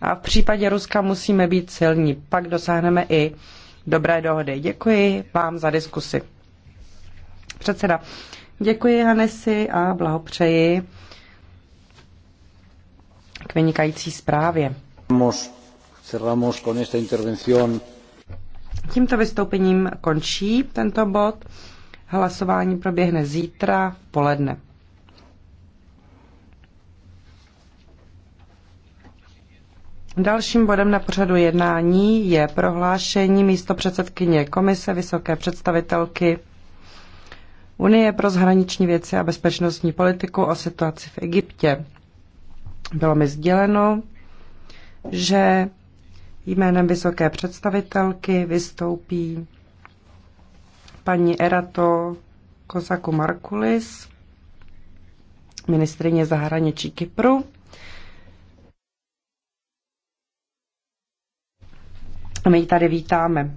A v případě Ruska musíme být silní, pak dosáhneme i dobré dohody. Děkuji vám za diskusi. Předseda, děkuji Hanesi a blahopřeji k vynikající zprávě. Tímto vystoupením končí tento bod. Hlasování proběhne zítra v poledne. Dalším bodem na pořadu jednání je prohlášení místo předsedkyně Komise Vysoké představitelky Unie pro zahraniční věci a bezpečnostní politiku o situaci v Egyptě. Bylo mi sděleno, že jménem vysoké představitelky vystoupí paní Erato Kosaku Markulis, ministrině zahraničí Kypru. A My ji tady vítáme.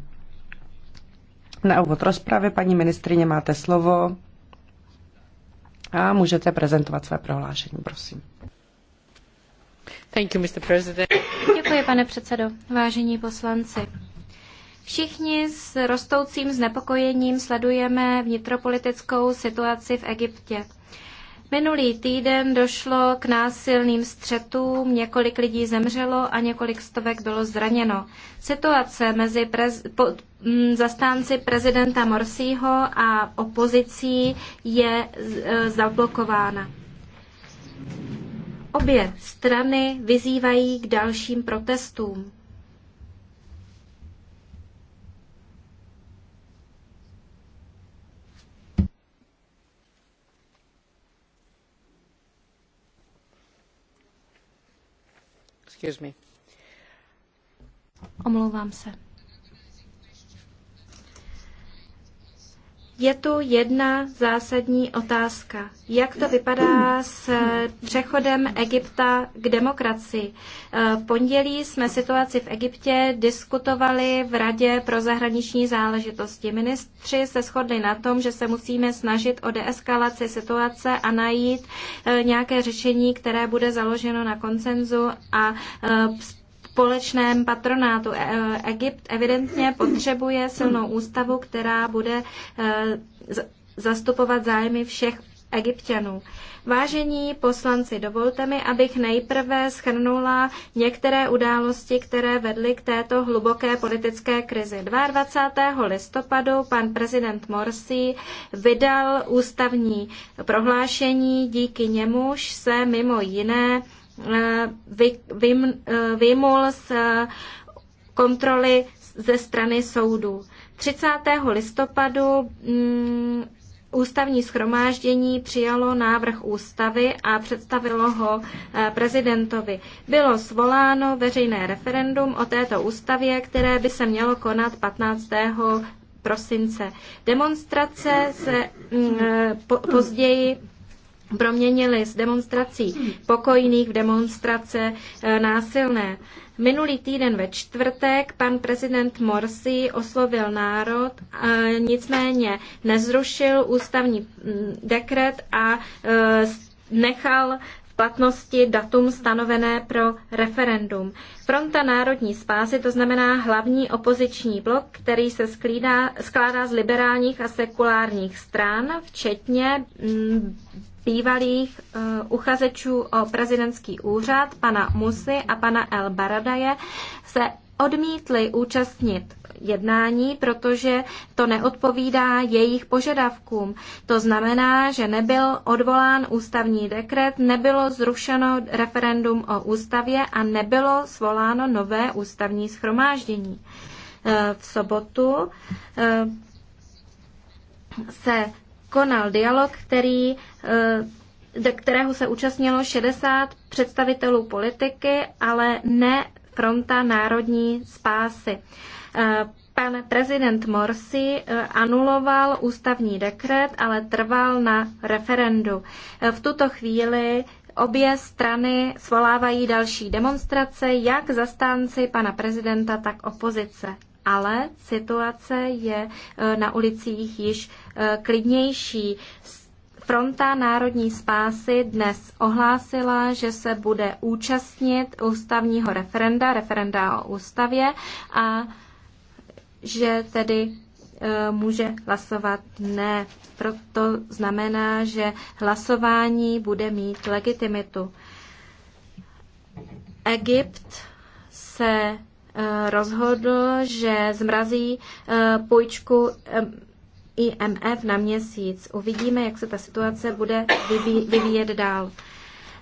Na úvod rozpravy, paní ministrině, máte slovo a můžete prezentovat své prohlášení, prosím. Thank you, Mr. President. Děkuji, pane předsedo. Vážení poslanci, Všichni s rostoucím znepokojením sledujeme vnitropolitickou situaci v Egyptě. Minulý týden došlo k násilným střetům, několik lidí zemřelo a několik stovek bylo zraněno. Situace mezi prez, po, m, mm, zastánci prezidenta Morsího a opozicí je e, zablokována. Obě strany vyzývají k dalším protestům. Omlouvám se. je tu jedna zásadní otázka. Jak to vypadá s přechodem Egypta k demokracii? Eh, v pondělí jsme situaci v Egyptě diskutovali v Radě pro zahraniční záležitosti. Ministři se shodli na tom, že se musíme snažit o deeskalaci situace a najít eh, nějaké řešení, které bude založeno na koncenzu a eh, společném patronátu. E, Egypt evidentně potřebuje silnou ústavu, která bude e, zastupovat zájmy všech egyptianů. Vážení poslanci, dovolte mi, abych nejprve schrnula některé události, které vedly k této hluboké politické krizi. 22. listopadu pan prezident Morsi vydal ústavní prohlášení, díky němuž se mimo jiné vy, vym, vymul z kontroly ze strany soudu. 30. listopadu mm, ústavní schromáždění přijalo návrh ústavy a představilo ho eh, prezidentovi. Bylo svoláno veřejné referendum o této ústavě, které by se mělo konat 15 prosince. Demonstrace se mm, eh, po, později proměnili z demonstrací pokojných v demonstrace e, násilné. Minulý týden ve čtvrtek pan prezident Morsi oslovil národ, e, nicméně nezrušil ústavní mm, dekret a e, nechal v platnosti datum stanovené pro referendum. Fronta národní spásy, to znamená hlavní opoziční blok, který se sklídá, skládá z liberálních a sekulárních stran, včetně mm, bývalých uh, uchazečů o prezidentský úřad, pana Musy a pana El Baradaje, se odmítli účastnit jednání, protože to neodpovídá jejich požadavkům. To znamená, že nebyl odvolán ústavní dekret, nebylo zrušeno referendum o ústavě a nebylo svoláno nové ústavní schromáždění. Eh, v sobotu eh, se konal dialog, který, eh, de kterého se účastnilo 60 představitelů politiky, ale ne fronta národní spásy. Eh, pan prezident Morsi eh, anuloval ústavní dekret, ale trval na referendu. V tuto chvíli obě strany svolávají další demonstrace, jak zastánci pana prezidenta, tak opozice. Ale situace je na ulicích již Eh, klidnější. Fronta národní spásy dnes ohlásila, že se bude účastnit ústavního referenda, referenda o ústavě a že tedy eh, může hlasovat ne. Proto znamená, že hlasování bude mít legitimitu. Egypt se eh, rozhodl, že zmrazí půjčku IMF na měsíc. Uvidíme, jak se ta situace bude vyvíjet dál.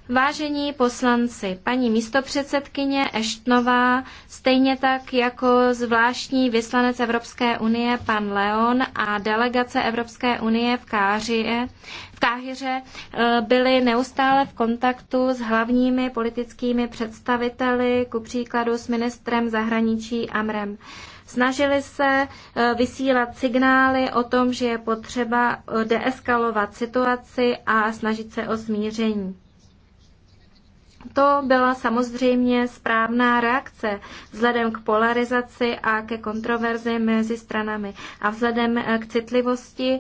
Vážení poslanci, paní místopředsedkyně Eštnová, stejně tak jako zvláštní vyslanec Evropské unie pan Leon a delegace Evropské unie v Káře, v Káhyře eh, byli neustále v kontaktu s hlavními politickými představiteli, ku příkladu s ministrem zahraničí Amrem Snažili se eh, vysílat signály o tom, že je potřeba eh, deeskalovat situaci a snažit se o smíření. To byla samozřejmě správná reakce vzhledem k polarizaci a ke kontroverzi mezi stranami a vzhledem eh, k citlivosti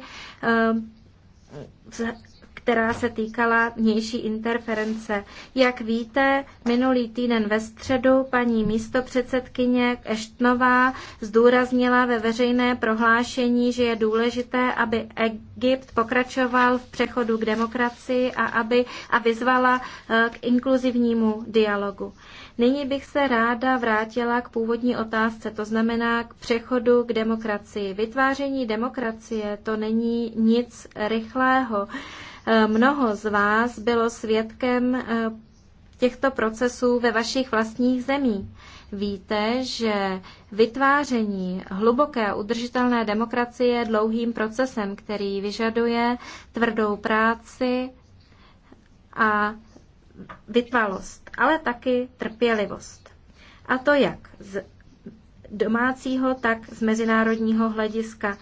která se týkala vnější interference. Jak víte, minulý týden ve středu paní místopředsedkyně Eštnová zdůraznila ve veřejné prohlášení, že je důležité, aby Egypt pokračoval v přechodu k demokracii a, aby, a vyzvala eh, k inkluzivnímu dialogu. Nyní bych se ráda vrátila k původní otázce, to znamená k přechodu k demokracii. Vytváření demokracie to není nic rychlého. Mnoho z vás bylo svědkem eh, těchto procesů ve vašich vlastních zemích. Víte, že vytváření hluboké udržitelné demokracie je dlouhým procesem, který vyžaduje tvrdou práci a vytvalost, ale taky trpělivost. A to jak z domácího, tak z mezinárodního hlediska.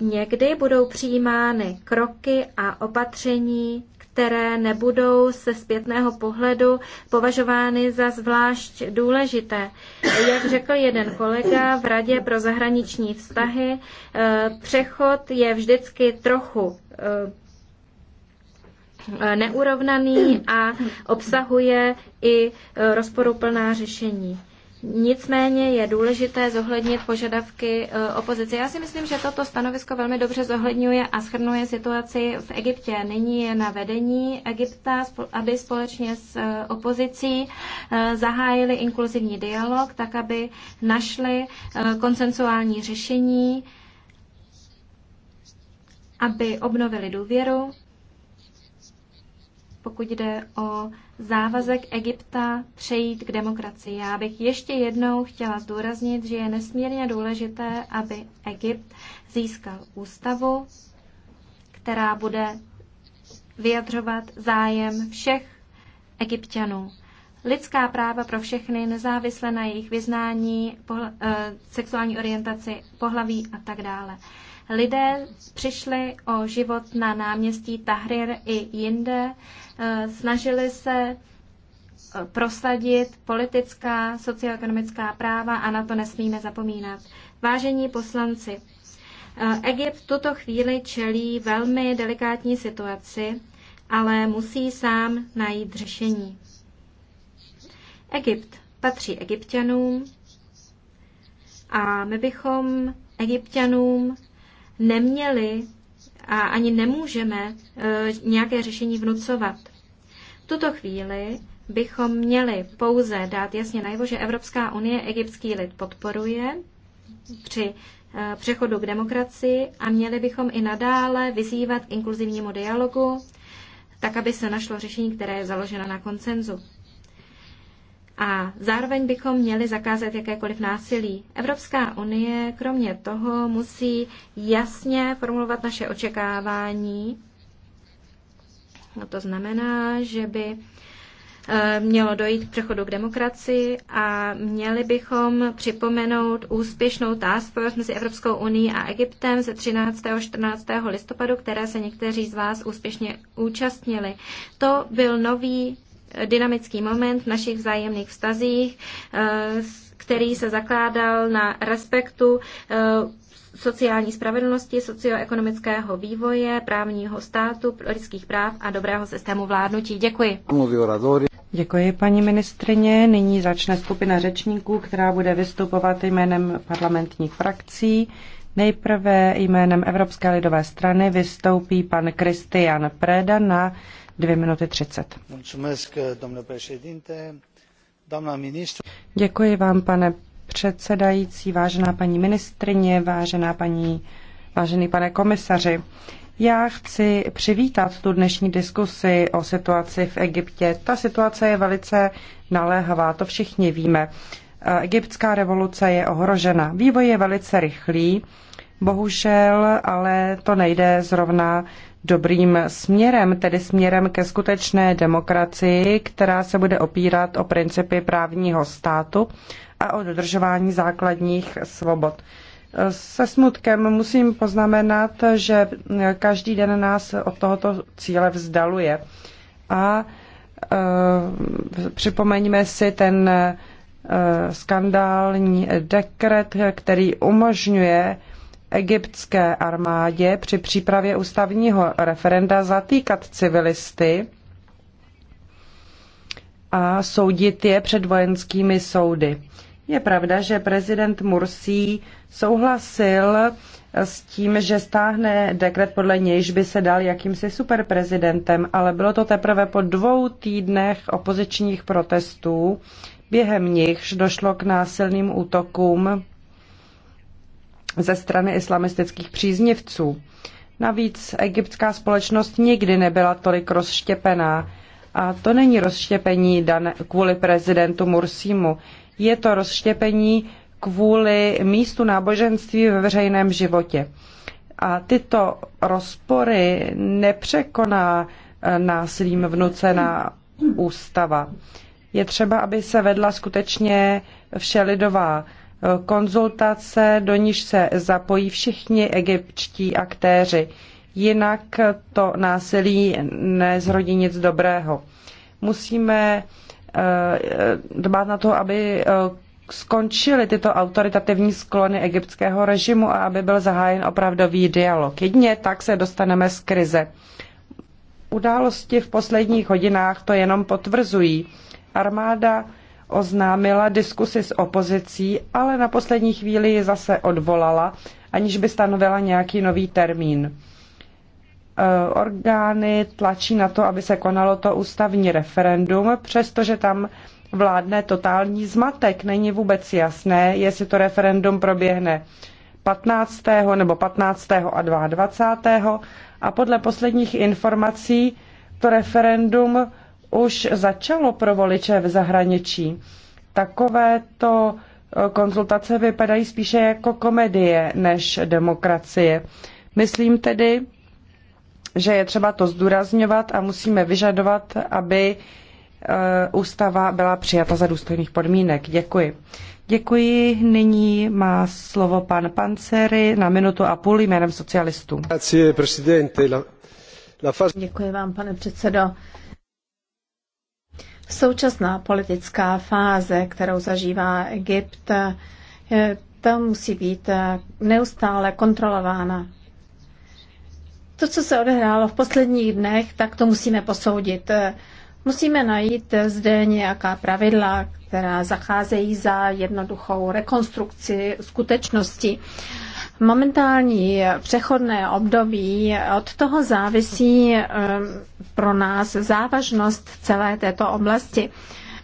Někdy budou přijímány kroky a opatření, které nebudou se zpětného pohledu považovány za zvlášť důležité. Jak řekl jeden kolega v Radě pro zahraniční vztahy, eh, přechod je vždycky trochu eh, neurovnaný a obsahuje i eh, rozporuplná řešení. Nicméně je důležité zohlednit požadavky e, opozice. Já si myslím, že toto stanovisko velmi dobře zohledňuje a schrnuje situaci v Egyptě. Nyní je na vedení Egypta, aby společně s e, opozicí e, zahájili inkluzivní dialog, tak aby našli konsensuální řešení, aby obnovili důvěru, pokud jde o závazek Egypta přejít k demokracii. Já bych ještě jednou chtěla zdůraznit, že je nesmírně důležité, aby Egypt získal ústavu, která bude vyjadřovat zájem všech egyptianů. Lidská práva pro všechny, nezávisle na jejich vyznání, pohla, eh, sexuální orientaci, pohlaví a tak dále. Lidé přišli o život na náměstí Tahrir i jinde, eh, snažili se eh, prosadit politická, socioekonomická práva a na to nesmíme zapomínat. Vážení poslanci, eh, Egypt v tuto chvíli čelí velmi delikátní situaci, ale musí sám najít řešení. Egypt patří egyptianům a my bychom egyptianům neměli a ani nemůžeme eh, nějaké řešení vnucovat. V tuto chvíli bychom měli pouze dát jasně najevo, že Evropská unie egyptský lid podporuje při eh, přechodu k demokracii a měli bychom i nadále vyzývat k inkluzivnímu dialogu, tak aby se našlo řešení, které je založeno na koncenzu. A zároveň bychom měli zakázat jakékoliv násilí. Evropská unie kromě toho musí jasně formulovat naše očekávání. No to znamená, že by eh, mělo dojít k přechodu k demokracii a měli bychom připomenout úspěšnou task force mezi Evropskou unii a Egyptem ze 13. a 14. listopadu, které se někteří z vás úspěšně účastnili. To byl nový dynamický moment v našich vzájemných vztazích, eh, který se zakládal na respektu eh, sociální spravedlnosti, socioekonomického vývoje, právního státu, lidských práv a dobrého systému vládnutí. Děkuji. Děkuji, paní ministrině. Nyní začne skupina řečníků, která bude vystupovat jménem parlamentních frakcí. Nejprve jménem Evropské lidové strany vystoupí pan Kristian Preda na 2 minuty 30. Děkuji vám, pane předsedající, vážená paní ministrině, vážená paní, vážený pane komisaři. Já chci přivítat tu dnešní diskusi o situaci v Egyptě. Ta situace je velice naléhavá, to všichni víme. Egyptská revoluce je ohrožena. Vývoj je velice rychlý, bohužel, ale to nejde zrovna dobrým směrem, tedy směrem ke skutečné demokracii, která se bude opírat o principy právního státu a o dodržování základních svobod. Se smutkem musím poznamenat, že každý den nás od tohoto cíle vzdaluje. A eh, připomeňme si ten eh, skandální dekret, který umožňuje egyptské armádě při přípravě ústavního referenda zatýkat civilisty a soudit je před vojenskými soudy. Je pravda, že prezident Mursi souhlasil s tím, že stáhne dekret, podle nějž by se dal jakýmsi superprezidentem, ale bylo to teprve po dvou týdnech opozičních protestů, během nichž došlo k násilným útokům ze strany islamistických příznivců. Navíc egyptská společnost nikdy nebyla tolik rozštěpená. A to není rozštěpení dané kvůli prezidentu Mursimu. Je to rozštěpení kvůli místu náboženství ve veřejném životě. A tyto rozpory nepřekoná eh, násilím vnucená ústava. Je třeba, aby se vedla skutečně všelidová konzultace, do níž se zapojí všichni egyptští aktéři. Jinak to násilí nezrodí nic dobrého. Musíme eh, dbát na to, aby eh, skončily tyto autoritativní sklony egyptského režimu a aby byl zahájen opravdový dialog. Jedně tak se dostaneme z krize. Události v posledních hodinách to jenom potvrzují. Armáda oznámila diskusi s opozicí, ale na poslední chvíli ji zase odvolala, aniž by stanovila nějaký nový termín. E, orgány tlačí na to, aby se konalo to ústavní referendum, přestože tam vládne totální zmatek. Není vůbec jasné, jestli to referendum proběhne 15. nebo 15. a 22. a podle posledních informací to referendum už začalo pro voliče v zahraničí. Takovéto e, konzultace vypadají spíše jako komedie než demokracie. Myslím tedy, že je třeba to zdůrazňovat a musíme vyžadovat, aby e, ústava byla přijata za důstojných podmínek. Děkuji. Děkuji. Nyní má slovo pan Pancery na minutu a půl jménem socialistů. Děkuji vám, pane předsedo. Současná politická fáze, kterou zažívá Egypt, to musí být eh, neustále kontrolována. To, co se odehrálo v posledních dnech, tak to musíme posoudit. Eh, musíme najít zde nějaká pravidla, která zacházejí za jednoduchou rekonstrukci skutečnosti. Momentální přechodné období od toho závisí eh, pro nás závažnost celé této oblasti.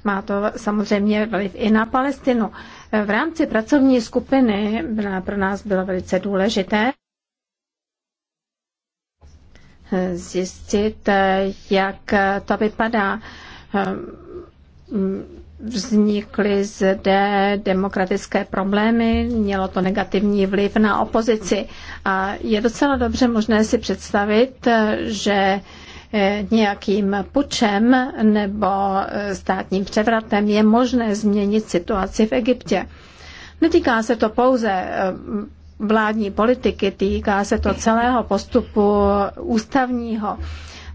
Má to samozřejmě vliv i na Palestinu. Eh, v rámci pracovní skupiny pro nás bylo velice důležité eh, zjistit, jak to vypadá vznikly zde demokratické problémy, mělo to negativní vliv na opozici. A je docela dobře možné si představit, že eh, nějakým pučem nebo eh, státním převratem je možné změnit situaci v Egyptě. Netýká se to pouze eh, vládní politiky, týká se to celého postupu ústavního.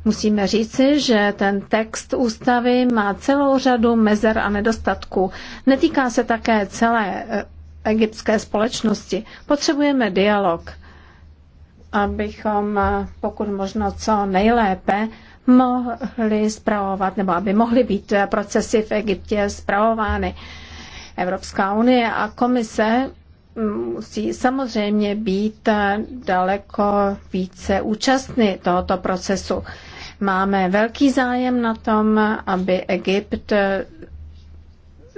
Musíme říci, že ten text ústavy má celou řadu mezer a nedostatků. Netýká se také celé eh, egyptské společnosti. Potřebujeme dialog, abychom eh, pokud možno co nejlépe mohli zpravovat, nebo aby mohly být eh, procesy v Egyptě zpravovány. Evropská unie a komise mm, musí samozřejmě být daleko více účastny tohoto procesu. Máme velký zájem na tom, aby Egypt eh,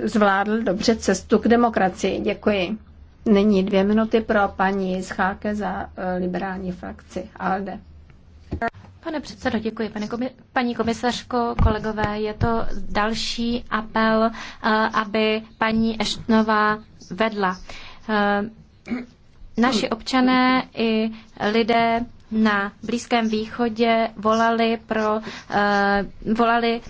zvládl dobře cestu k demokracii. Děkuji. Nyní dvě minuty pro paní Scháke za eh, liberální frakci ALDE. Pane předsedo, děkuji. Pane komi- paní komisařko, kolegové, je to další apel, eh, aby paní Eštnová vedla. Naši občané i lidé na Blízkém východě volali, pro, uh, volali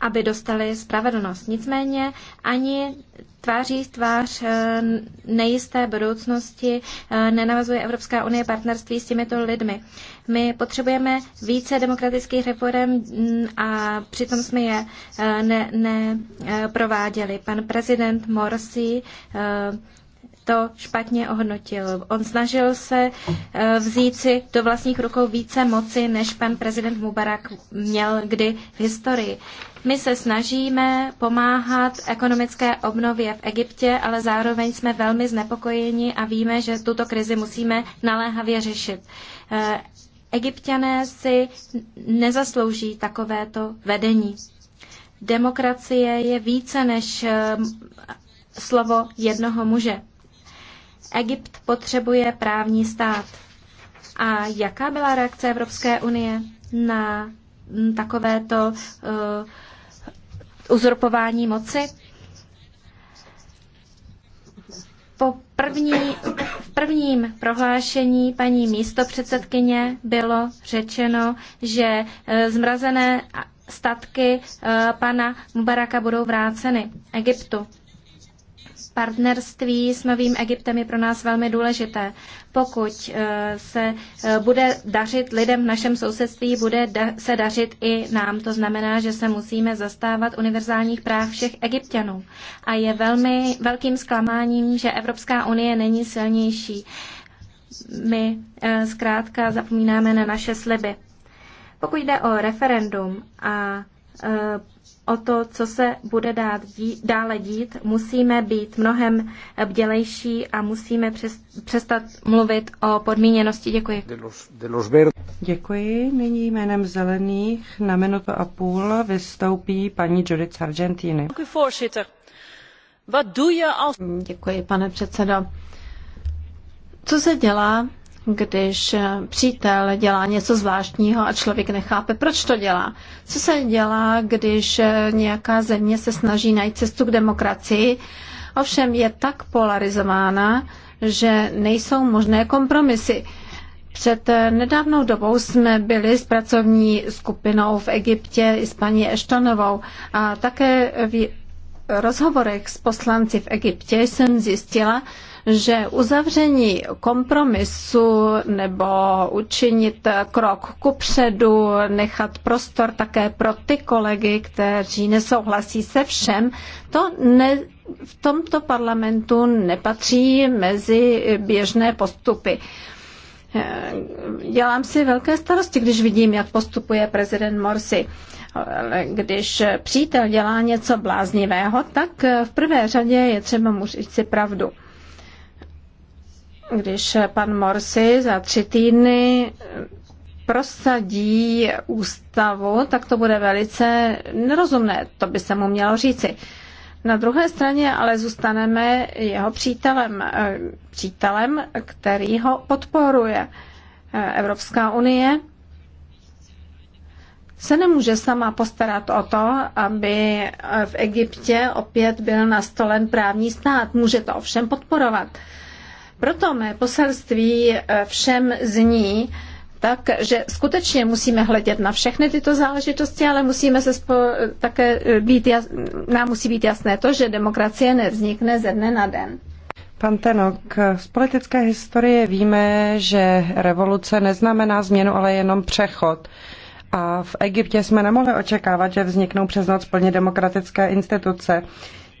aby dostali spravedlnost. Nicméně ani tváří tvář eh, nejisté budoucnosti eh, nenavazuje Evropská unie partnerství s těmito lidmi. My potřebujeme více demokratických reform mm, a přitom jsme je neprováděli. Ne, Pan prezident Morsi to špatně ohodnotil. On snažil se eh, vzít si do vlastních rukou více moci, než pan prezident Mubarak měl kdy v historii. My se snažíme pomáhat ekonomické obnově v Egyptě, ale zároveň jsme velmi znepokojeni a víme, že tuto krizi musíme naléhavě řešit. Eh, egyptiané si nezaslouží takovéto vedení. Demokracie je více než eh, slovo jednoho muže. Egypt potřebuje právní stát. A jaká byla reakce Evropské unie na takovéto uh, uzurpování moci? Po první, v prvním prohlášení paní místopředsedkyně bylo řečeno, že eh, zmrazené statky eh, pana Mubaraka budou vráceny Egyptu partnerství s Novým Egyptem je pro nás velmi důležité. Pokud eh, se eh, bude dařit lidem v našem sousedství, bude se dařit i nám. To znamená, že se musíme zastávat univerzálních práv všech egyptianů. A je velmi velkým zklamáním, že Evropská unie není silnější. My eh, zkrátka zapomínáme na naše sliby. Pokud jde o referendum a o to, co se bude dát dí, dále dít, musíme být mnohem bdělejší a musíme přes, přestat mluvit o podmíněnosti. Děkuji. De los, de los Děkuji. Nyní jménem Zelených na minutu a půl vystoupí paní Judith Argentiny. Děkuji, pane předsedo. Co se dělá, když přítel dělá něco zvláštního a člověk nechápe, proč to dělá. Co se dělá, když nějaká země se snaží najít cestu k demokracii, ovšem je tak polarizována, že nejsou možné kompromisy. Před nedávnou dobou jsme byli s pracovní skupinou v Egyptě i s paní Eštonovou a také v rozhovorech s poslanci v Egyptě jsem zjistila, že uzavření kompromisu nebo učinit krok kupředu, nechat prostor také pro ty kolegy, kteří nesouhlasí se všem, to ne, v tomto parlamentu nepatří mezi běžné postupy. Dělám si velké starosti, když vidím, jak postupuje prezident Morsi. Když přítel dělá něco bláznivého, tak v prvé řadě je třeba mu říct si pravdu když pan Morsi za tři týdny prosadí ústavu, tak to bude velice nerozumné, to by se mu mělo říci. Na druhé straně ale zůstaneme jeho přítelem, přítelem, který ho podporuje. Evropská unie se nemůže sama postarat o to, aby v Egyptě opět byl nastolen právní stát. Může to ovšem podporovat. Proto mé poselství eh, všem zní, tak, že skutečně musíme hledět na všechny tyto záležitosti, ale musíme se spo- také eh, být jas- nám musí být jasné to, že demokracie nevznikne ze dne na den. Pan Tenok, z politické historie víme, že revoluce neznamená změnu, ale jenom přechod. A v Egyptě jsme nemohli očekávat, že vzniknou přes noc plně demokratické instituce.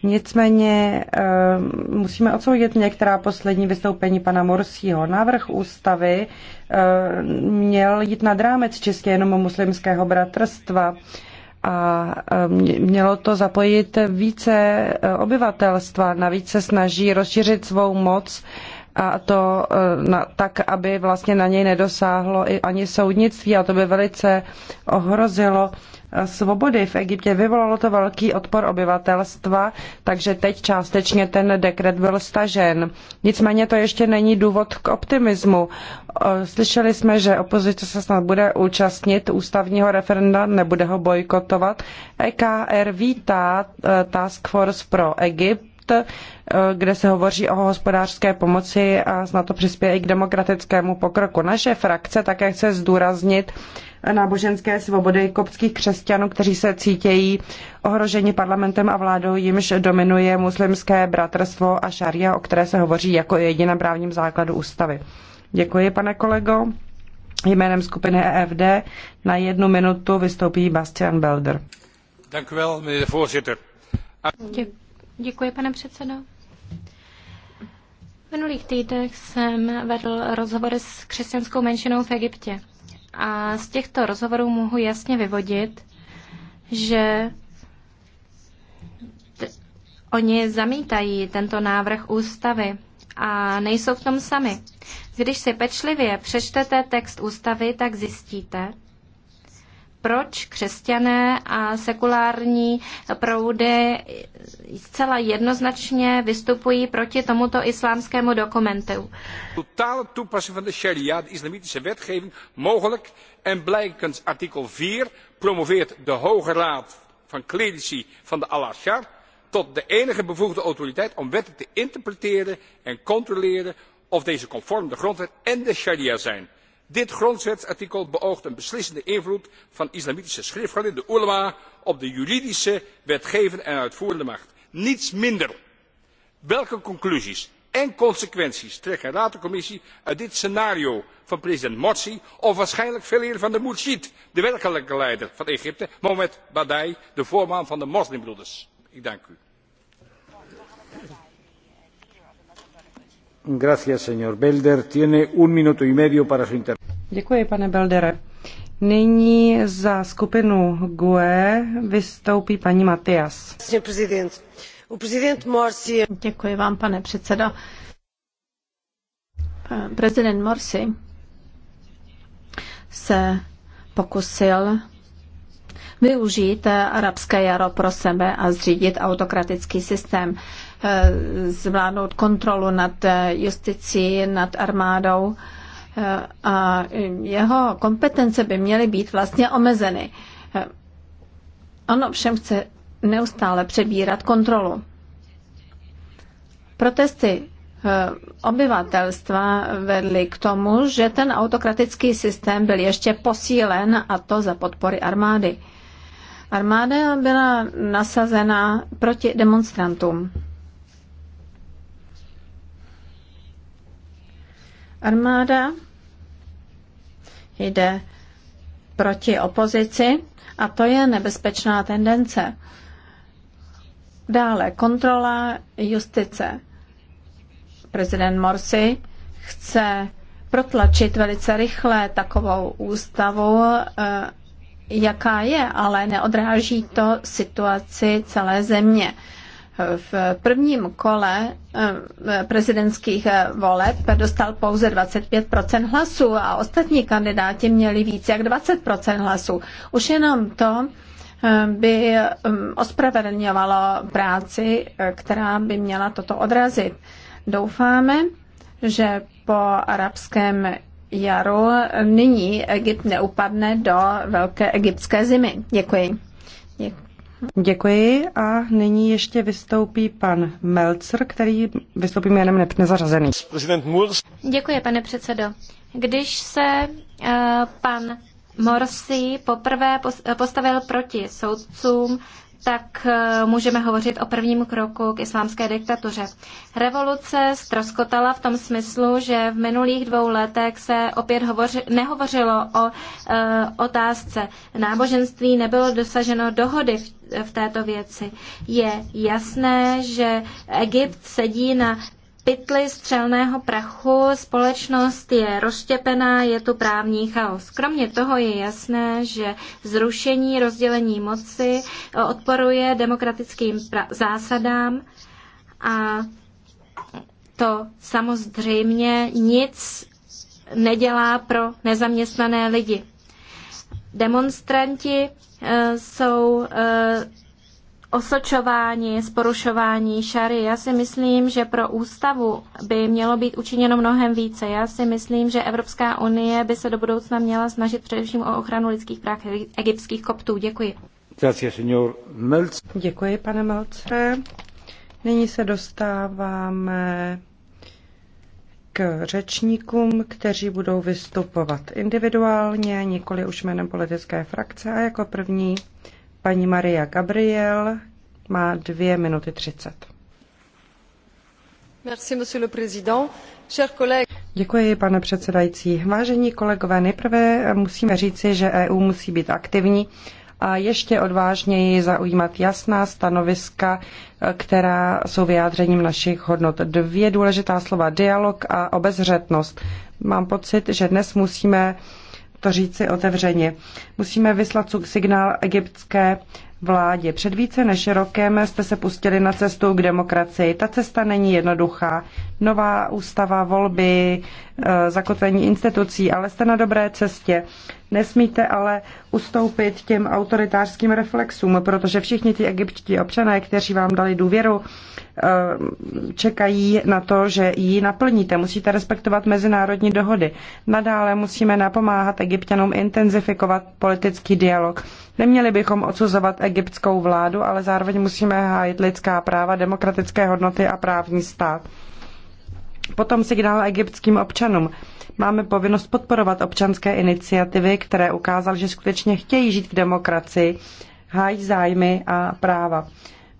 Nicméně eh, musíme odsoudit některá poslední vystoupení pana Morsího. Návrh ústavy eh, měl jít nad rámec čistě jenom muslimského bratrstva a eh, mělo to zapojit více obyvatelstva. Navíc se snaží rozšířit svou moc a to na, tak, aby vlastně na něj nedosáhlo i ani soudnictví a to by velice ohrozilo uh, svobody v Egyptě. Vyvolalo to velký odpor obyvatelstva, takže teď částečně ten dekret byl stažen. Nicméně to ještě není důvod k optimismu. Slyšeli jsme, že opozice se snad bude účastnit ústavního referenda, nebude ho bojkotovat. EKR vítá e, Task Force pro Egypt e, kde se hovoří o hospodářské pomoci a snad to přispěje i k demokratickému pokroku. Naše frakce také chce zdůraznit, náboženské svobody koptských křesťanů, kteří se cítějí ohroženi parlamentem a vládou, jimž dominuje muslimské bratrstvo a šaria, o které se hovoří jako jediném právním základu ústavy. Děkuji, pane kolego. Jménem skupiny EFD na jednu minutu vystoupí Bastian Belder. Děkuji, pane předsedo. V minulých týdnech jsem vedl rozhovory s křesťanskou menšinou v Egyptě. A z těchto rozhovorů mohu jasně vyvodit, že oni zamítají tento návrh ústavy a nejsou v tom sami. Když si pečlivě přečtete text ústavy, tak zjistíte, proč křesťané a sekulární proudy zcela jednoznačně vystupují proti tomuto islámskému dokumentu. Totale toepassing van de sharia, de islamitische wetgeving, mogelijk en blijkens artikel 4 promoveert de Hoge Raad van Clerici van de Al-Ashar tot de enige bevoegde autoriteit om wetten te interpreteren en controleren of deze conform de grondwet en de sharia zijn dit grondwetsartikel beoogt een beslissende invloed van islamitische schriftgeleerden de ulema op de juridische wetgevende en uitvoerende macht niets minder. welke conclusies en consequenties trekken raad en commissie uit dit scenario van president morsi of waarschijnlijk veeleer van de moersid de werkelijke leider van egypte mohamed badaï de voorman van de moslimbroeders? ik dank Děkuji, pane Beldere. Nyní za skupinu GUE vystoupí paní Matias. Děkuji vám, pane předsedo. Prezident Morsi se pokusil využít arabské jaro pro sebe a zřídit autokratický systém. Eh, zvládnout kontrolu nad eh, justicí, nad armádou eh, a jeho kompetence by měly být vlastně omezeny. Ono všem chce neustále přebírat kontrolu. Protesty obyvatelstva vedly k tomu, že ten autokratický systém byl ještě posílen a to za podpory armády. Armáda byla nasazena proti demonstrantům. Armáda jde proti opozici a to je nebezpečná tendence. Dále kontrola justice. Prezident Morsi chce protlačit velice rychle takovou ústavu, eh, jaká je, ale neodráží to situaci celé země v prvním kole eh, prezidentských eh, voleb dostal pouze 25 hlasů a ostatní kandidáti měli více jak 20 hlasů. Už jenom to eh, by ospravedlňovalo práci, která by měla toto odrazit. Doufáme, že po arabském jaru nyní Egypt neupadne do velké egyptské zimy. Děkuji. Děkuji. Děkuji a nyní ještě vystoupí pan Melcer, který vystoupí jménem nezařazený. Děkuji, pane předsedo. Když se uh, pan Morsi poprvé postavil proti soudcům tak eh, můžeme hovořit o prvním kroku k islámské diktatuře. Revoluce ztroskotala v tom smyslu, že v minulých dvou letech se opět hovoři, nehovořilo o e, otázce náboženství, nebylo dosaženo dohody v, v této věci. Je jasné, že Egypt sedí na pytli střelného prachu, společnost je rozštěpená, je tu právní chaos. Kromě toho je jasné, že zrušení rozdělení moci eh, odporuje demokratickým zásadám a to samozřejmě nic nedělá pro nezaměstnané lidi. Demonstranti eh, jsou eh, osočování z porušování šary. Já si myslím, že pro ústavu by mělo být učiněno mnohem více. Já si myslím, že Evropská unie by se do budoucna měla snažit především o ochranu lidských práv egyptských koptů. Děkuji. Děkuji, pane Melce. Nyní se dostáváme k řečníkům, kteří budou vystupovat individuálně, nikoli už jménem politické frakce a jako první Paní Maria Gabriel má dvě minuty třicet. Děkuji, pane předsedající. Vážení kolegové, nejprve musíme říci, že EU musí být aktivní a ještě odvážněji zaujímat jasná stanoviska, která jsou vyjádřením našich hodnot. Dvě důležitá slova, dialog a obezřetnost. Mám pocit, že dnes musíme uh, to říci otevřeně. Musíme vyslat signál egyptské vládě. Před více než rokem jste se pustili na cestu k demokracii. Ta cesta není jednoduchá. Nová ústava, volby, eh, zakotvení institucí, ale jste na dobré cestě. Nesmíte ale ustoupit těm autoritářským reflexům, protože všichni ti egyptští občané, kteří vám dali důvěru, čekají na to, že ji naplníte. Musíte respektovat mezinárodní dohody. Nadále musíme napomáhat egyptianům intenzifikovat politický dialog. Neměli bychom odsuzovat egyptskou vládu, ale zároveň musíme hájit lidská práva, demokratické hodnoty a právní stát. Potom signál egyptským občanům. Máme povinnost podporovat občanské iniciativy, které ukázaly, že skutečně chtějí žít v demokracii, hájí zájmy a práva.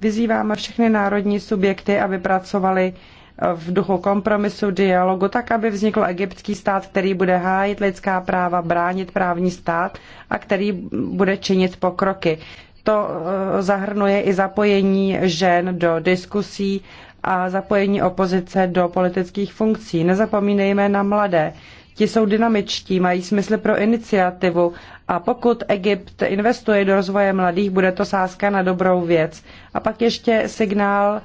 Vyzýváme všechny národní subjekty, aby pracovali eh, v duchu kompromisu, dialogu, tak, aby vznikl egyptský stát, který bude hájit lidská práva, bránit právní stát a který bude činit pokroky. To eh, zahrnuje i zapojení žen do diskusí a zapojení opozice do politických funkcí. Nezapomínejme na mladé. Ti jsou dynamičtí, mají smysl pro iniciativu a pokud Egypt investuje do rozvoje mladých, bude to sázka na dobrou věc. A pak ještě signál,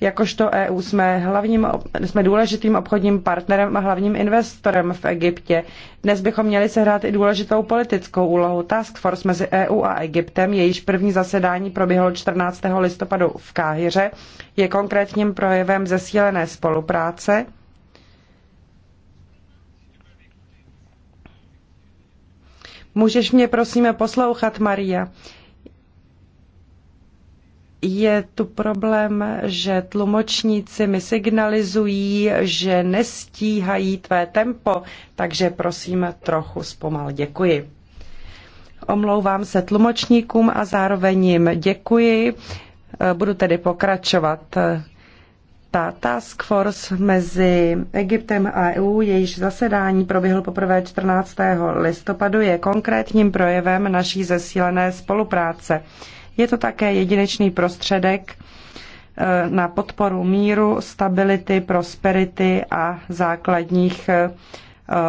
jakožto EU jsme, hlavním, jsme důležitým obchodním partnerem a hlavním investorem v Egyptě. Dnes bychom měli sehrát i důležitou politickou úlohu Task Force mezi EU a Egyptem, jejíž první zasedání proběhlo 14. listopadu v Káhiře, je konkrétním projevem zesílené spolupráce Můžeš mě prosím poslouchat, Maria? je tu problém, že tlumočníci mi signalizují, že nestíhají tvé tempo, takže prosím trochu zpomal. Děkuji. Omlouvám se tlumočníkům a zároveň jim děkuji. Budu tedy pokračovat ta task force mezi Egyptem a EU, jejíž zasedání proběhlo poprvé 14. listopadu, je konkrétním projevem naší zesílené spolupráce. Je to také jedinečný prostředek eh, na podporu míru, stability, prosperity a základních eh,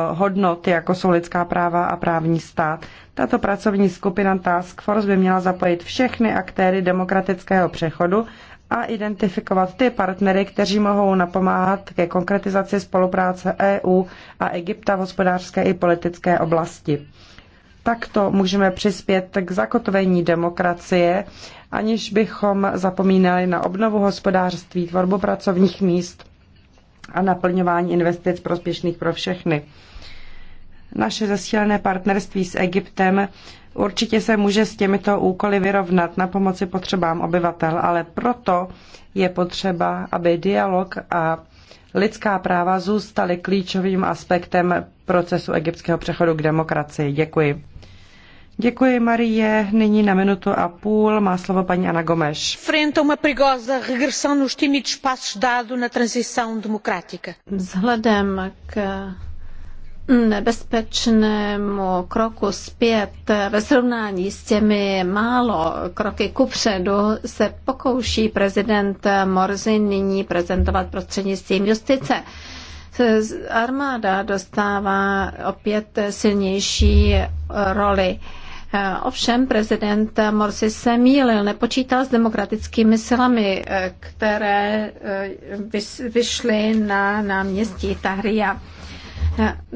hodnot, jako jsou lidská práva a právní stát. Tato pracovní skupina Task Force by měla zapojit všechny aktéry demokratického přechodu, a identifikovat ty partnery, kteří mohou napomáhat ke konkretizaci spolupráce EU a Egypta v hospodářské i politické oblasti. Takto můžeme přispět k zakotvení demokracie, aniž bychom zapomínali na obnovu hospodářství, tvorbu pracovních míst a naplňování investic prospěšných pro všechny. Naše zesílené partnerství s Egyptem určitě se může s těmito úkoly vyrovnat na pomoci potřebám obyvatel, ale proto je potřeba, aby dialog a lidská práva zůstaly klíčovým aspektem procesu egyptského přechodu k demokracii. Děkuji. Děkuji, Marie. Nyní na minutu a půl má slovo paní Ana Gomes. Frente uma perigosa regressão nos passos dado na transição democrática. Vzhledem k nebezpečnému kroku zpět ve srovnání s těmi málo kroky kupředu se pokouší prezident Morzy nyní prezentovat prostřednictvím justice. Armáda dostává opět silnější roli. Ovšem prezident Morsi se mýlil, nepočítal s demokratickými silami, které vyšly na náměstí Tahria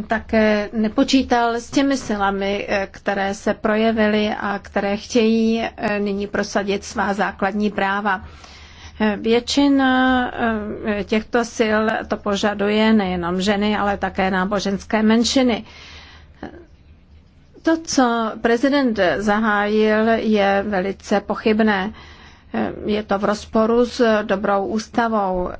také nepočítal s těmi silami, eh, které se projevily a které chtějí eh, nyní prosadit svá základní práva. Eh, většina těchto sil to požaduje nejenom ženy, ale také náboženské menšiny. To, co prezident zahájil, je velice pochybné. Eh, je to v rozporu s eh, dobrou ústavou. Eh,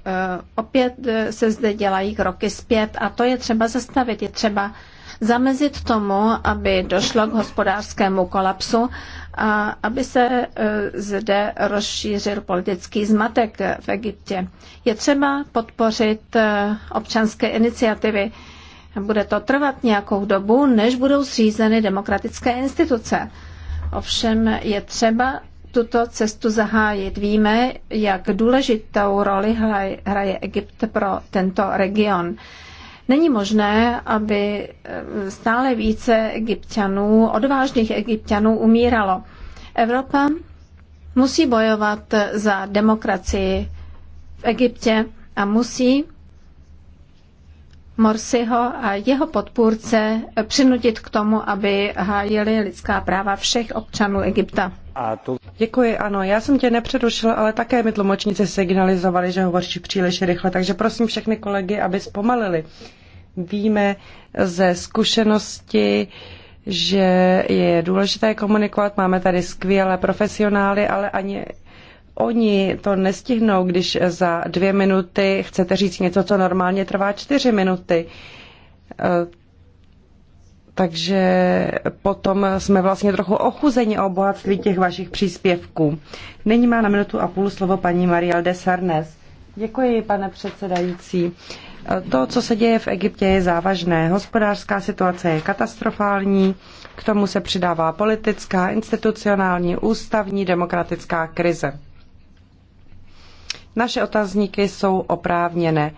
opět se zde dělají kroky zpět a to je třeba zastavit. Je třeba zamezit tomu, aby došlo k hospodářskému kolapsu a aby se zde rozšířil politický zmatek v Egyptě. Je třeba podpořit občanské iniciativy. Bude to trvat nějakou dobu, než budou zřízeny demokratické instituce. Ovšem je třeba tuto cestu zahájit. Víme, jak důležitou roli hraje Egypt pro tento region. Není možné, aby eh, stále více egyptianů, odvážných egyptianů umíralo. Evropa musí bojovat za demokracii v Egyptě a musí Morsiho a jeho podpůrce přinutit k tomu, aby hájili lidská práva všech občanů Egypta. Děkuji, ano, já jsem tě nepřerušila, ale také mi tlumočníci signalizovali, že hovoříš příliš rychle, takže prosím všechny kolegy, aby zpomalili. Víme ze zkušenosti, že je důležité komunikovat, máme tady skvělé profesionály, ale ani oni to nestihnou, když za dvě minuty chcete říct něco, co normálně trvá čtyři minuty takže potom jsme vlastně trochu ochuzeni o bohatství těch vašich příspěvků. Nyní má na minutu a půl slovo paní Marielle de Sarnes. Děkuji, pane předsedající. To, co se děje v Egyptě, je závažné. Hospodářská situace je katastrofální, k tomu se přidává politická, institucionální, ústavní, demokratická krize. Naše otazníky jsou oprávněné.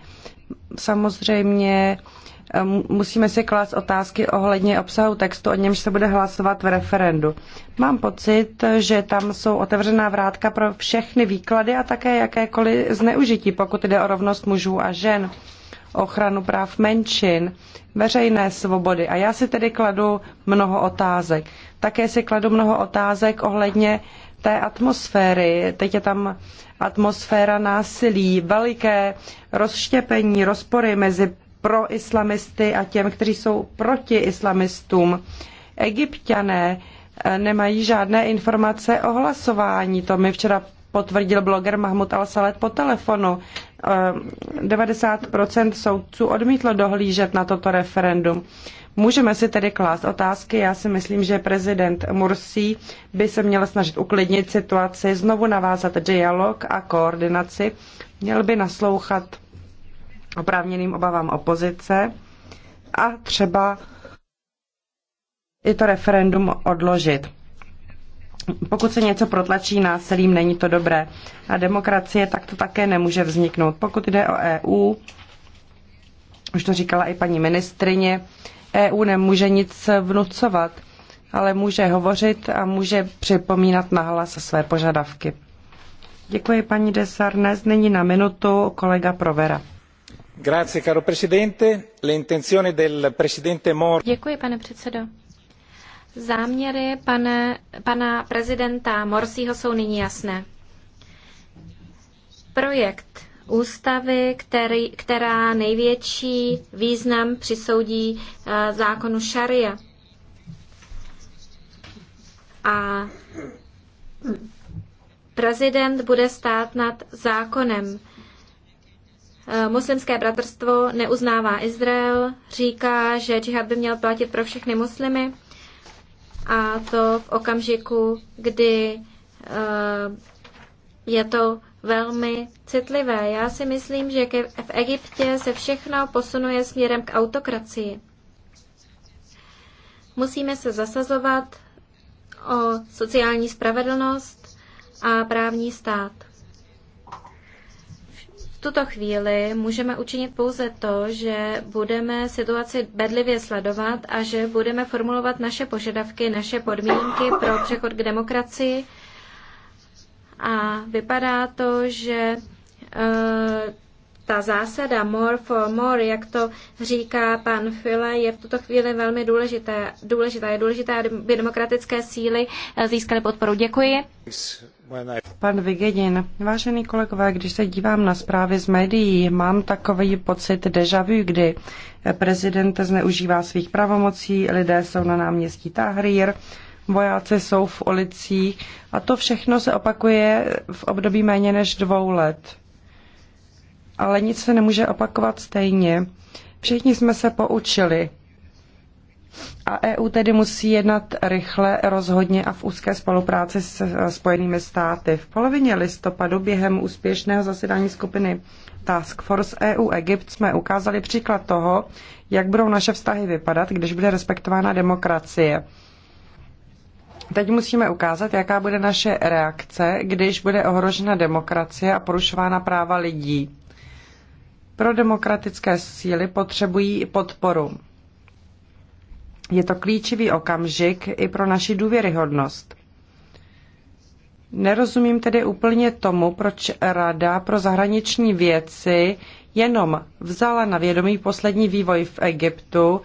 Samozřejmě Ehm, musíme si klást otázky ohledně obsahu textu, o němž se bude hlasovat v referendu. Mám pocit, že tam jsou otevřená vrátka pro všechny výklady a také jakékoliv zneužití, pokud jde o rovnost mužů a žen, ochranu práv menšin, veřejné svobody. A já si tedy kladu mnoho otázek. Také si kladu mnoho otázek ohledně té atmosféry. Teď je tam atmosféra násilí, veliké rozštěpení, rozpory mezi pro islamisty a těm, kteří jsou proti islamistům. Egyptiané eh, nemají žádné informace o hlasování. To mi včera potvrdil bloger Mahmud Al-Salet po telefonu. 90% eh, soudců odmítlo dohlížet na toto referendum. Můžeme si tedy klást otázky. Já si myslím, že prezident Mursi by se měl snažit uklidnit situaci, znovu navázat dialog a koordinaci. Měl by naslouchat oprávněným obavám opozice a třeba i to referendum odložit. Pokud se něco protlačí násilím, není to dobré. A demokracie takto také nemůže vzniknout. Pokud jde o EU, už to říkala i paní ministrině, EU nemůže nic vnucovat, ale může hovořit a může připomínat nahlas své požadavky. Děkuji paní Desarnes. Není na minutu kolega Provera. Děkuji, pane předsedo. Záměry pana prezidenta Morsího jsou nyní jasné. Projekt ústavy, která největší význam přisoudí eh, zákonu šaria. A prezident bude stát nad zákonem. Muslimské bratrstvo neuznává Izrael, říká, že džihad by měl platit pro všechny muslimy a to v okamžiku, kdy eh, je to velmi citlivé. Já si myslím, že v Egyptě se všechno posunuje směrem k autokracii. Musíme se zasazovat o sociální spravedlnost a právní stát tuto chvíli můžeme učinit pouze to, že budeme situaci bedlivě sledovat a že budeme formulovat naše požadavky, naše podmínky pro přechod k demokracii. A vypadá to, že eh, ta zásada more for more, jak to říká pan File, je v tuto chvíli velmi důležitá, důležitá. Je důležitá. aby demokratické síly eh, získaly podporu. Děkuji. Pan Vigenin, vážený kolegové, když se dívám na zprávy z médií, mám takový pocit deja vu, kdy prezident zneužívá svých pravomocí, lidé jsou na náměstí Tahrir, vojáci jsou v ulicích a to všechno se opakuje v období méně než dvou let. Ale nic se nemůže opakovat stejně. Všichni jsme se poučili. A EU tedy musí jednat rychle, rozhodně a v úzké spolupráci s Spojenými státy. V polovině listopadu během úspěšného zasedání skupiny Task Force EU Egypt jsme ukázali příklad toho, jak budou naše vztahy vypadat, když bude respektována demokracie. Teď musíme ukázat, jaká bude naše reakce, když bude ohrožena demokracie a porušována práva lidí. Pro demokratické síly potřebují podporu. Je to klíčivý okamžik i pro naši důvěryhodnost. Nerozumím tedy úplně tomu, proč Rada pro zahraniční věci jenom vzala na vědomí poslední vývoj v Egyptu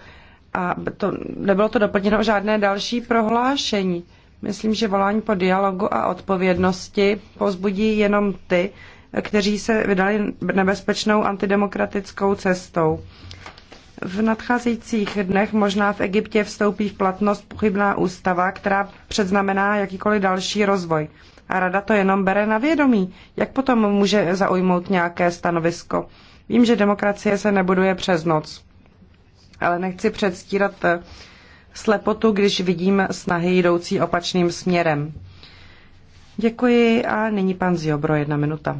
a to, nebylo to doplněno žádné další prohlášení. Myslím, že volání po dialogu a odpovědnosti pozbudí jenom ty, kteří se vydali nebezpečnou antidemokratickou cestou. V nadcházejících dnech možná v Egyptě vstoupí v platnost pochybná ústava, která předznamená jakýkoliv další rozvoj. A rada to jenom bere na vědomí. Jak potom může zaujmout nějaké stanovisko? Vím, že demokracie se nebuduje přes noc, ale nechci předstírat eh, slepotu, když vidím snahy jdoucí opačným směrem. Děkuji a nyní pan Ziobro, jedna minuta.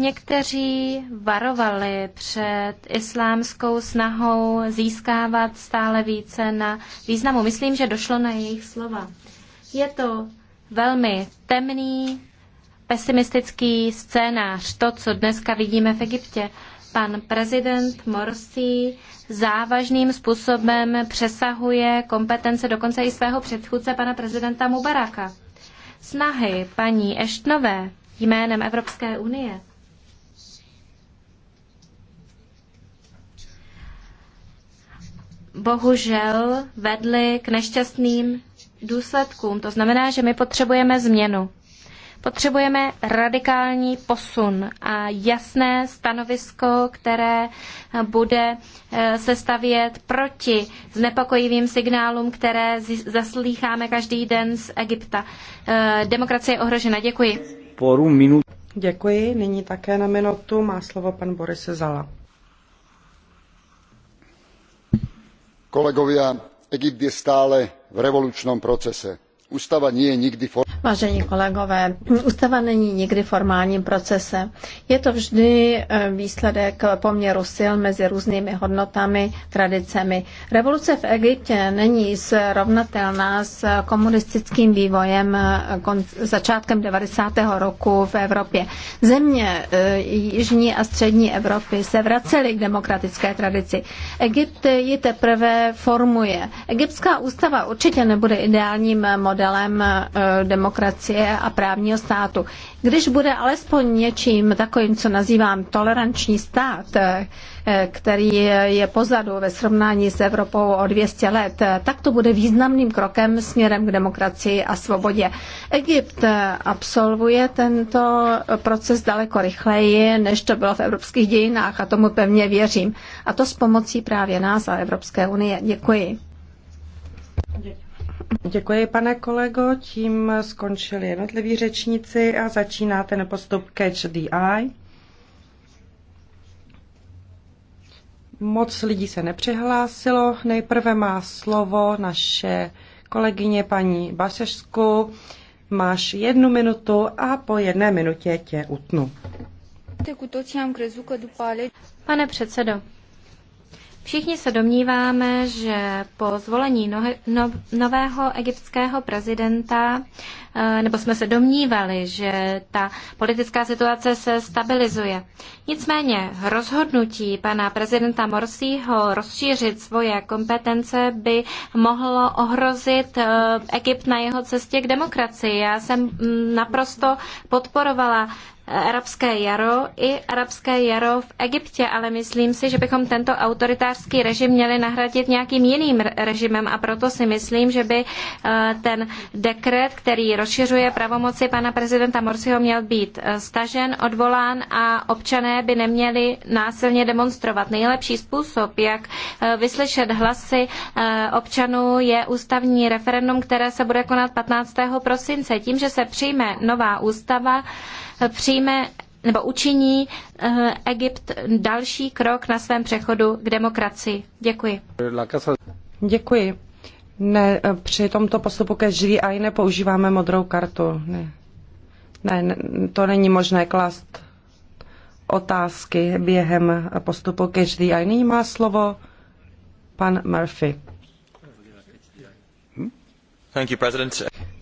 Někteří varovali před islámskou snahou získávat stále více na významu. Myslím, že došlo na jejich slova. Je to velmi temný, pesimistický scénář, to, co dneska vidíme v Egyptě. Pan prezident Morsi závažným způsobem přesahuje kompetence dokonce i svého předchůdce, pana prezidenta Mubaraka. Snahy paní Eštnové jménem Evropské unie bohužel vedly k nešťastným důsledkům. To znamená, že my potřebujeme změnu. Potřebujeme radikální posun a jasné stanovisko, které bude eh, se stavět proti znepokojivým signálům, které zaslýcháme každý den z Egypta. Eh, demokracie je ohrožena. Děkuji. Poru minut. Děkuji. Nyní také na minutu má slovo pan Boris Zala. kolegovia egypt je stále v revolučnom procese. ústava nie je nikdy formálna. Vážení kolegové, ústava není nikdy formálním procesem. Je to vždy eh, výsledek poměru sil mezi různými hodnotami, tradicemi. Revoluce v Egyptě není srovnatelná s komunistickým vývojem eh, začátkem 90. roku v Evropě. Země eh, Jižní a Střední Evropy se vracely k demokratické tradici. Egypt ji teprve formuje. Egyptská ústava určitě nebude ideálním modelem demokratické demokracie a právního státu. Když bude alespoň něčím takovým, co nazývám toleranční stát, eh, který je pozadu ve srovnání s Evropou o 200 let, eh, tak to bude významným krokem směrem k demokracii a svobodě. Egypt eh, absolvuje tento proces daleko rychleji, než to bylo v evropských dějinách a tomu pevně věřím. A to s pomocí právě nás a Evropské unie. Děkuji. Děkuji, pane kolego. Tím skončili jednotliví řečníci a začíná ten postup Catch the Eye. Moc lidí se nepřihlásilo. Nejprve má slovo naše kolegyně paní Basešku. Máš jednu minutu a po jedné minutě tě utnu. Pane předsedo, Všichni se domníváme, že po zvolení no, no, nového egyptského prezidenta, eh, nebo jsme se domnívali, že ta politická situace se stabilizuje. Nicméně rozhodnutí pana prezidenta Morsího rozšířit svoje kompetence by mohlo ohrozit eh, Egypt na jeho cestě k demokracii. Já jsem mm, naprosto podporovala arabské jaro i arabské jaro v Egyptě, ale myslím si, že bychom tento autoritářský režim měli nahradit nějakým jiným režimem a proto si myslím, že by eh, ten dekret, který rozšiřuje pravomoci pana prezidenta Morsiho, měl být eh, stažen, odvolán a občané by neměli násilně demonstrovat. Nejlepší způsob, jak eh, vyslyšet hlasy občanů, je ústavní referendum, které se bude konat 15. prosince. Tím, že se přijme nová ústava, přijme učíme nebo učiní eh, Egypt další krok na svém přechodu k demokracii. Děkuji. Děkuji. Ne, eh, při tomto postupu ke GI nepoužíváme modrou kartu. Ne. ne, to není možné klást otázky během postupu ke GI. Nyní má slovo pan Murphy.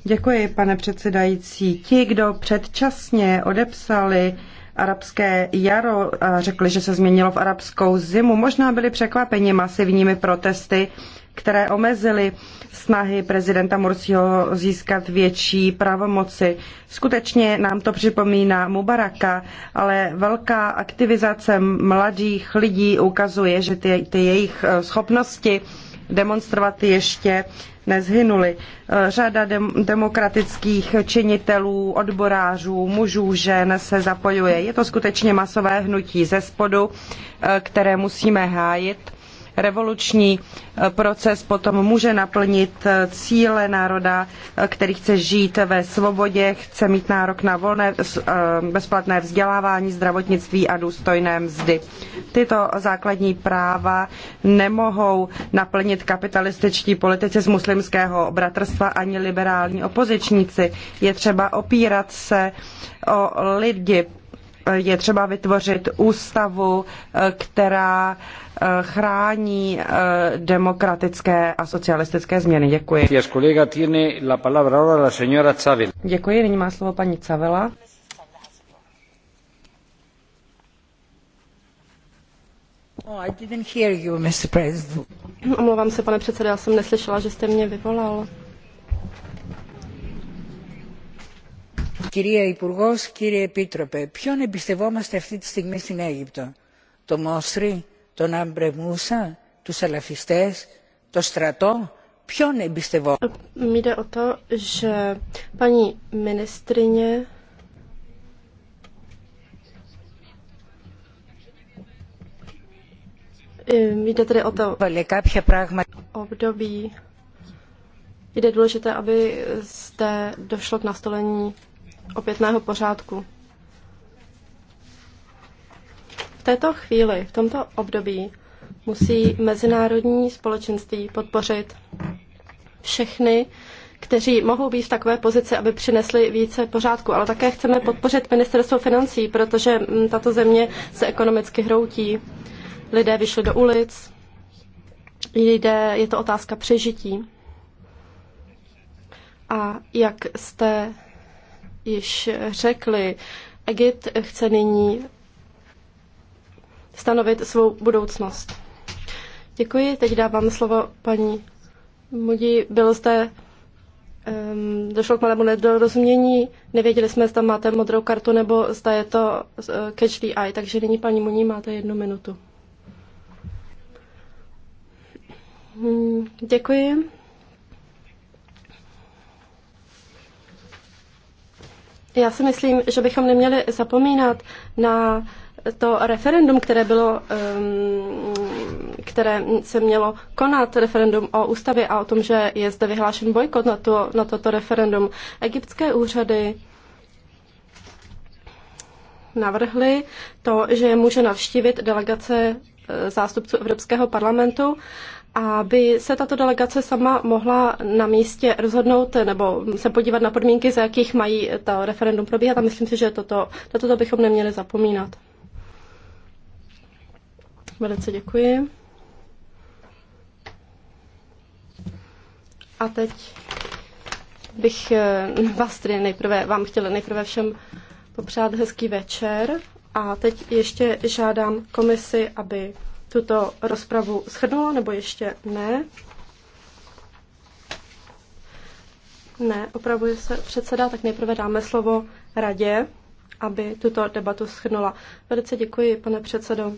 Děkuji, pane předsedající. Ti, kdo předčasně odepsali arabské jaro a řekli, že se změnilo v arabskou zimu, možná byli překvapeni masivními protesty, které omezily snahy prezidenta Mursího získat větší pravomoci. Skutečně nám to připomíná Mubaraka, ale velká aktivizace mladých lidí ukazuje, že ty, ty jejich schopnosti demonstrovat ještě nezhynuli. Eh, řada dem- demokratických činitelů, odborářů, mužů, žen se zapojuje. Je to skutečně masové hnutí ze spodu, eh, které musíme hájit revoluční eh, proces potom může naplnit eh, cíle národa, eh, který chce žít ve svobodě, chce mít nárok na volné, bezplatné vzdělávání, zdravotnictví a důstojné mzdy. Tyto základní práva nemohou naplnit kapitalističtí politici z muslimského bratrstva ani liberální opozičníci. Je třeba opírat se o lidi, je třeba vytvořit ústavu, eh, která eh, chrání eh, demokratické a socialistické změny. Děkuji. Děkuji, nyní má slovo paní Cavela. Oh, I didn't hear you, Mr. President. Omlouvám se, pane předsedo, já jsem neslyšela, že jste mě vyvolal. κυρία Υπουργό, κύριε Επίτροπε, ποιον εμπιστευόμαστε αυτή τη στιγμή στην Αίγυπτο, το Μόστρι, τον Αμπρεμούσα, τους αλαφιστές, το στρατό, ποιον εμπιστευόμαστε. Jde o to, že paní ministrině Jde tedy o to období. Jde důležité, aby zde došlo k nastolení opětného pořádku. V této chvíli, v tomto období, musí mezinárodní společenství podpořit všechny, kteří mohou být v takové pozici, aby přinesli více pořádku. Ale také chceme podpořit ministerstvo financí, protože mm, tato země se ekonomicky hroutí. Lidé vyšli do ulic, lidé, je to otázka přežití. A jak jste již řekli, Egypt chce nyní stanovit svou budoucnost. Děkuji, teď dávám slovo paní Mudí. Byl zde, um, ehm, došlo k malému nedorozumění, nevěděli jsme, zda máte modrou kartu nebo zda je to uh, catch the eye, takže nyní paní Muní máte jednu minutu. Hmm, děkuji. Já si myslím, že bychom neměli zapomínat na to referendum, které bylo, ehm, které se mělo konat, referendum o ústavě a o tom, že je zde vyhlášen bojkot na, to, na toto referendum. Egyptské úřady navrhly to, že je může navštívit delegace e, zástupců Evropského parlamentu aby se tato delegace sama mohla na místě rozhodnout nebo se podívat na podmínky, za jakých mají to referendum probíhat a myslím si, že toto, na toto bychom neměli zapomínat. Velice děkuji. A teď bych eh, vás tedy nejprve, vám chtěla nejprve všem popřát hezký večer a teď ještě žádám komisi, aby tuto rozpravu shrnulo, nebo ještě ne? Ne, opravuje se předseda, tak nejprve dáme slovo radě, aby tuto debatu shrnula. Velice děkuji, pane předsedo.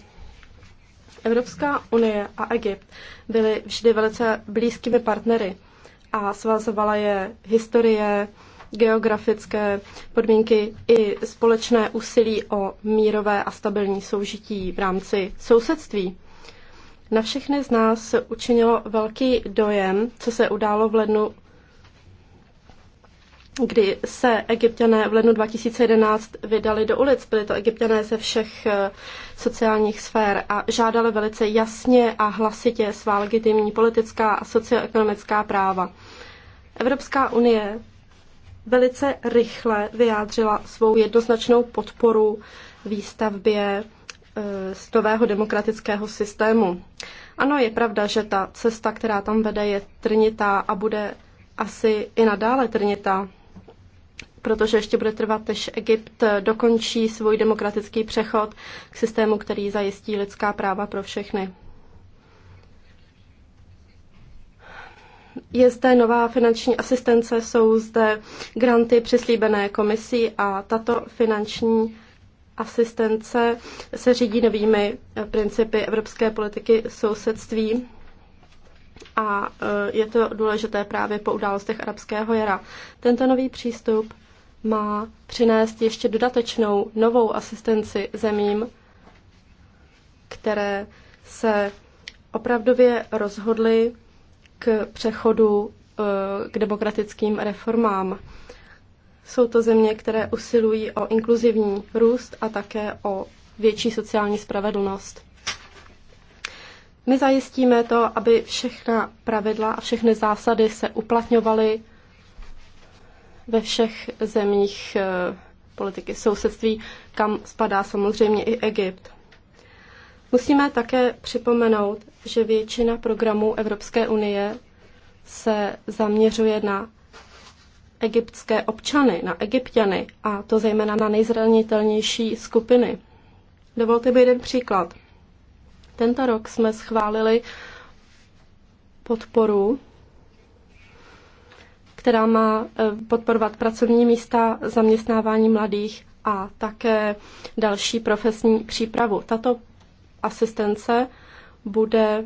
Evropská unie a Egypt byly vždy velice blízkými partnery a svazovala je historie, geografické podmínky i společné úsilí o mírové a stabilní soužití v rámci sousedství. Na všechny z nás se učinilo velký dojem, co se událo v lednu, kdy se egyptiané v lednu 2011 vydali do ulic. Byli to egyptiané ze všech eh, sociálních sfér a žádali velice jasně a hlasitě svá legitimní politická a socioekonomická práva. Evropská unie velice rychle vyjádřila svou jednoznačnou podporu výstavbě nového demokratického systému. Ano, je pravda, že ta cesta, která tam vede, je trnitá a bude asi i nadále trnitá, protože ještě bude trvat, než Egypt dokončí svůj demokratický přechod k systému, který zajistí lidská práva pro všechny. Je zde nová finanční asistence, jsou zde granty přislíbené komisí a tato finanční asistence se řídí novými eh, principy evropské politiky sousedství a eh, je to důležité právě po událostech arabského jara. Tento nový přístup má přinést ještě dodatečnou novou asistenci zemím, které se opravdově rozhodly k přechodu eh, k demokratickým reformám. Jsou to země, které usilují o inkluzivní růst a také o větší sociální spravedlnost. My zajistíme to, aby všechna pravidla a všechny zásady se uplatňovaly ve všech zemích eh, politiky sousedství, kam spadá samozřejmě i Egypt. Musíme také připomenout, že většina programů Evropské unie se zaměřuje na egyptské občany, na egyptiany a to zejména na nejzranitelnější skupiny. Dovolte mi jeden příklad. Tento rok jsme schválili podporu, která má e, podporovat pracovní místa, zaměstnávání mladých a také další profesní přípravu. Tato asistence bude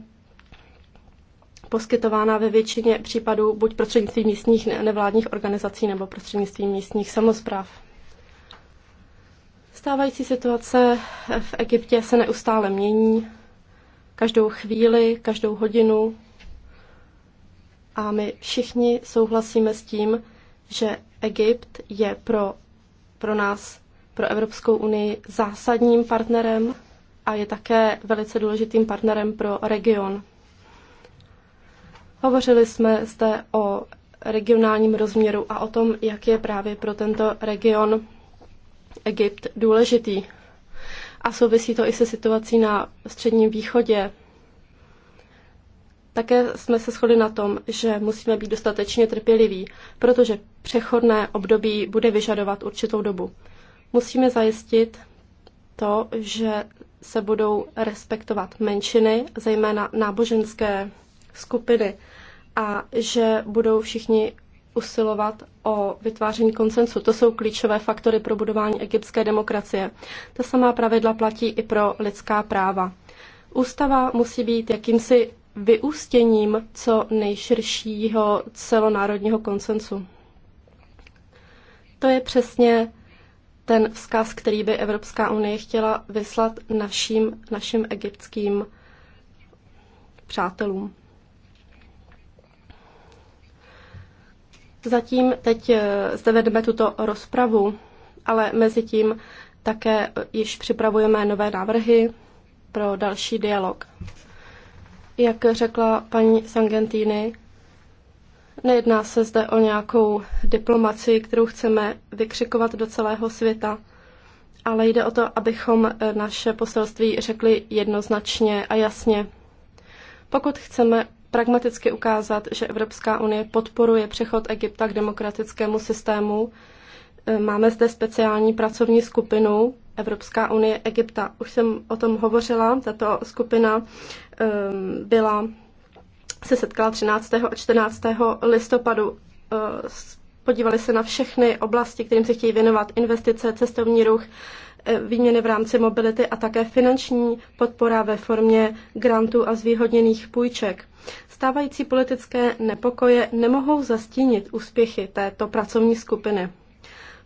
poskytována ve většině případů buď prostřednictvím místních nevládních organizací nebo prostřednictvím místních samozpráv. Stávající situace v Egyptě se neustále mění, každou chvíli, každou hodinu. A my všichni souhlasíme s tím, že Egypt je pro, pro nás, pro Evropskou unii, zásadním partnerem a je také velice důležitým partnerem pro region. Hovořili jsme zde o regionálním rozměru a o tom, jak je právě pro tento region Egypt důležitý. A souvisí to i se situací na Středním východě. Také jsme se shodli na tom, že musíme být dostatečně trpěliví, protože přechodné období bude vyžadovat určitou dobu. Musíme zajistit to, že se budou respektovat menšiny, zejména náboženské skupiny a že budou všichni usilovat o vytváření koncensu. To jsou klíčové faktory pro budování egyptské demokracie. Ta samá pravidla platí i pro lidská práva. Ústava musí být jakýmsi vyústěním co nejširšího celonárodního koncensu. To je přesně ten vzkaz, který by Evropská unie chtěla vyslat našim, našim egyptským přátelům. Zatím teď eh, zde vedeme tuto rozpravu, ale mezi tím také eh, již připravujeme nové návrhy pro další dialog. Jak řekla paní Sangentini, nejedná se zde o nějakou diplomaci, kterou chceme vykřikovat do celého světa, ale jde o to, abychom eh, naše poselství řekli jednoznačně a jasně. Pokud chceme pragmaticky ukázat, že Evropská unie podporuje přechod Egypta k demokratickému systému. E, máme zde speciální pracovní skupinu Evropská unie Egypta. Už jsem o tom hovořila. Tato skupina byla, se setkala 13. a 14. listopadu. E, podívali se na všechny oblasti, kterým se chtějí věnovat investice, cestovní ruch, Eh, výměny v rámci mobility a také finanční podpora ve formě grantů a zvýhodněných půjček. Stávající politické nepokoje nemohou zastínit úspěchy této pracovní skupiny.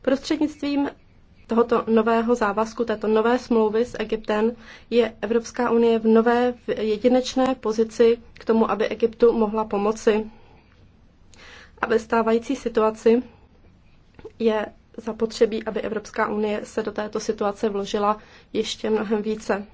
Prostřednictvím tohoto nového závazku, této nové smlouvy s Egyptem, je Evropská unie v nové v jedinečné pozici k tomu, aby Egyptu mohla pomoci. A ve stávající situaci je zapotřebí, aby Evropská unie se do této situace vložila ještě mnohem více.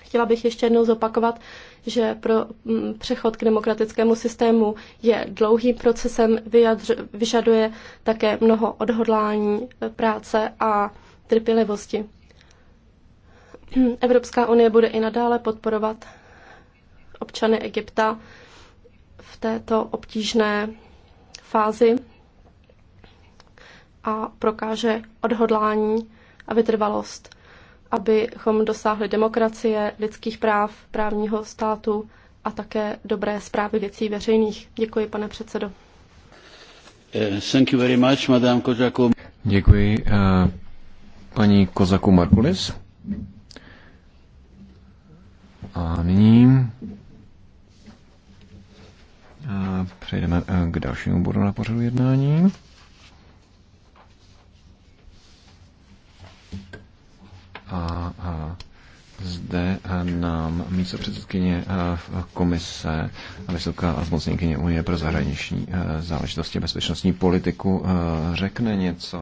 Chtěla bych ještě jednou zopakovat, že pro mm, přechod k demokratickému systému je dlouhým procesem, vyjadř, vyžaduje také mnoho odhodlání, eh, práce a trpělivosti. Evropská unie bude i nadále podporovat občany Egypta v této obtížné fázi a prokáže odhodlání a vytrvalost, abychom dosáhli demokracie, lidských práv, právního státu a také dobré zprávy věcí veřejných. Děkuji, pane předsedo. Eh, thank you very much, Madame Kozaku. Děkuji. Eh, paní Kozaku Markulis. A nyní eh, přejdeme k dalšímu bodu na pořadu jednání. A, a zde nám místo předsedkyně komise a vysoká zmocněnkyně Unie pro zahraniční záležitosti a bezpečnostní politiku řekne něco.